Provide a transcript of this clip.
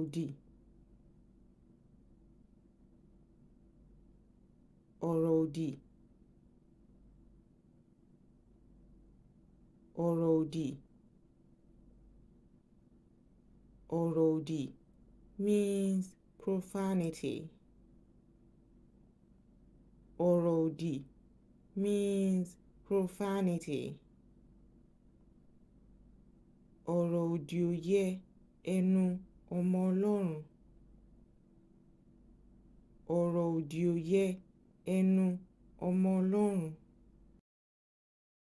Saudi. Ọ̀rọ̀ òdì. Ọ̀rọ̀ òdì. Ọ̀rọ̀ òdì means profanity. Ọ̀rọ̀ òdì means profanity. Ọ̀rọ̀ òdì ò yẹ ẹnu ọmọ ọlọ́run ọ̀rọ̀ òdì ò yẹ ẹnu ọmọ ọlọ́run